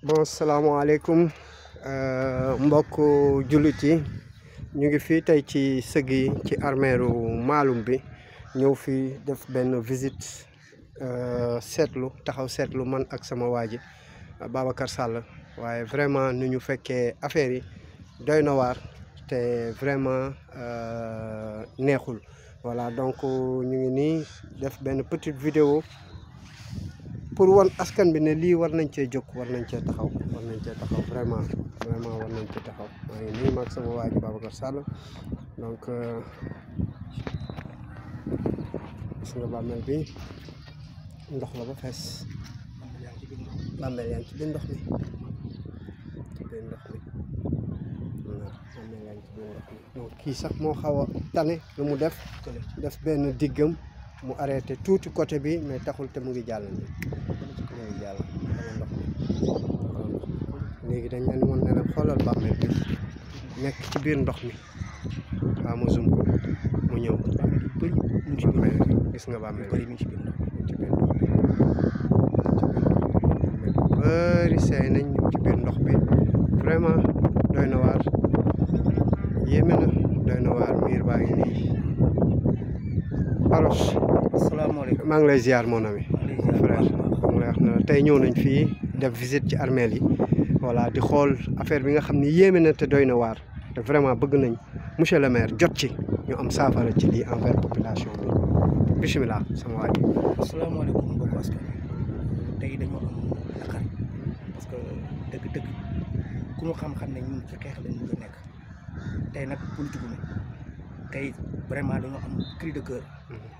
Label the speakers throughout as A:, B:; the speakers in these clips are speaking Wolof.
A: bon salaamaaleykum euh, mbokk jullit yi ñu ngi fii tey ci sëg ci armeeru Maalum bi ñëw fii def benn visite euh, seetlu taxaw seetlu man ak sama waa ji Babacar Sall waaye vraiment nu ñu fekkee affaire yi doy na te vraiment euh, neexul voilà donc ñu ngi nii def benn petite vidéo pour wan askan bi ne li war nañ ci jokk war nañ ci taxaw war nañ ci taxaw vraiment vraiment war nañ ci taxaw maa ni nii maag sama waa ji Sall donc sunu ba mel bi ndox la ba fess ba mel ngi ci ndox ni ci ndox ni bàmmeel ndox sax mo xawa tane lu mu def def ben diggam mu arrêté tuuti côté bi mais taxul te mu ngi jàll ni mu léegi dañ leen woon ne xoolal bàmmeel bi nekk ci biir ndox mi waaw mu zoom ko mu ñëw bëri mu ci biir gis nga bàmmeel bëri mu ci biir ci biir ndox mi bëri seey nañ ci biir ndox mi vraiment doy na waar yéeme na doy na waar miir baa ngi nii aros asalaamaaleykum maa ngi lay ziar mon ami tey ñëw nañ fii def visite ci armeel yi voilà di xool affaire bi nga xam ni yéeme na te doy na waar te vraiment bëgg nañ monsieur le maire jot ci ñu am saafara ci lii envers population bi bisimilah sama waa ji. tey dañoo am naqar
B: parce que dëgg-dëgg ku ñu xam-xam ne ñun ci xeex lañ mën nekk tey nag politique tey vraiment dañoo am cri de cœur. Mhm.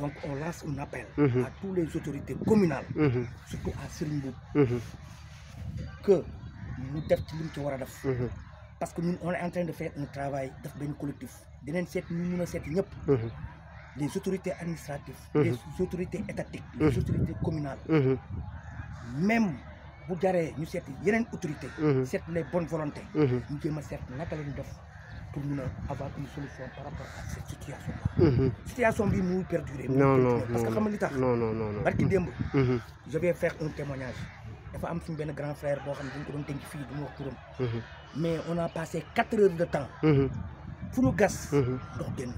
B: Donc on lance un appel mhm. à toutes les autorités communales, mhm. surtout à Serimbou, mhm. que nous devons faire Parce que nous, on est en train de faire un travail de collectif. Les autorités administratives, les autorités étatiques, les autorités communales. Même bu nous sommes autorités, autorité c'est les bonnes volontés ñu jéem nous faire pour mun a une solution par rapport situation là. Mhm. situation bi muy perdurer. non non parce que xam nga li tax. non mhm. je vais faire un témoignage. dafa am suñu benn grand frère boo xam ne dañ ko doon mhm. mais on a passé quatre heures de temps. fu ñu gas. ndox génn.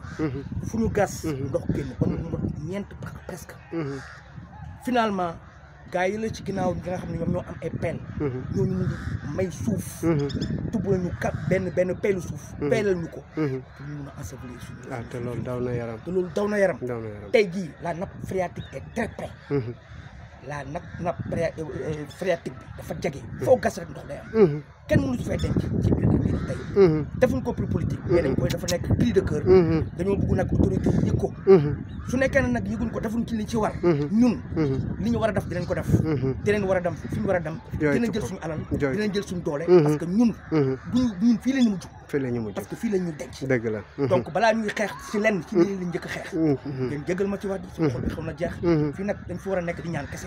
B: fu ñu gas. ndox génn finalement. gaa yi ci ginnaaw bi nga xam ne ñoom ñoo am ay peel mhm. ñooñu ñu ngi may suuf mhm. tub nañu kap benn benn peelu suuf mhm. peelal ñu
A: ko pour ñu mun a ensevelir suñu ah, te loolu daw na yaram te loolu daw na yaram tey jii
B: la nappe phréatique est très près la nak na eh, eh, phréatique dafa jege. Hmm. fo gas rek ndox day am. kenn mënu ci fay dem ci biir ak biir tey. defuñ ko prix politique. mais dañ koy dafa nek prix de cœur. dañu bëgg nak autorité yi yëg su nekkee nak yëguñ ko defuñ ci liñ ci war. ñun li ñu wara a def dinañ ko def. dinañ war a dem hmm. fi ñu war a dem. dinañ jël suñu alal dinañ jël suñu doole. parce que
A: ñun. duñ ñun fi la ñu mujj. fi la ñu mujj parce que fi la ñu denc. dëgg la donc
B: bala ñuy xex ci lenn ci li lañ jëk xex xeex. ngeen jégal ma ci wax ci xol bi xaw na jeex. fii dañ fi wara nek di ñaan kese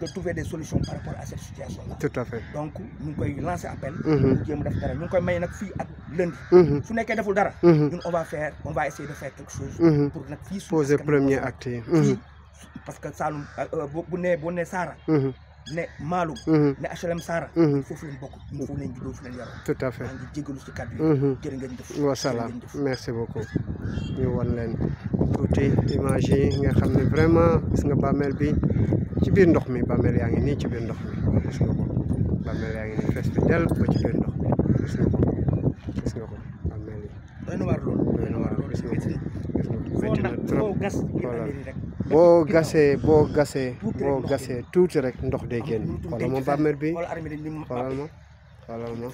B: de, trouver des solutions par rapport à cette situation-là. Tout à fait. Donc, nous pouvons lancer appel. Nous mm-hmm. pouvons dara. Nous mettre notre fille à lundi. Si nous pas on va faire, on va essayer de faire quelque chose mm-hmm. pour
A: notre fille. le premier acte. Mm-hmm.
B: Parce que ça, euh, euh bonnet, bonnet, Sarah. ne Maalum. Mhm. ne
A: HLM Saara. Mhm. tout à fait ci kàddu yi. Mhm. jërë ngeen merci beaucoup. ñu wan leen tuuti image yi nga xam ne vraiment gis nga bàmmeel bi ci biir ndox mi bameel yaa ngi ni ci biir ndox mi gis nga ko yaa ngi nii fees ba ci biir ndox mi gis nga ko gis nga ko bàmmeel yi. doy na waar loolu doy na waar boo gasee boo gasee boo gasee tuuti rek ndox day génn xoolal ma bàmmeel bi xoolal ma xoolal ma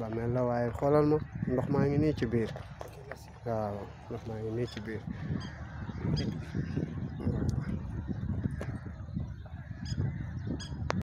A: bàmmeel la waaye xoolal ma ndox maa ngi nii ci biir waaw ndox maa ngi nii ci biir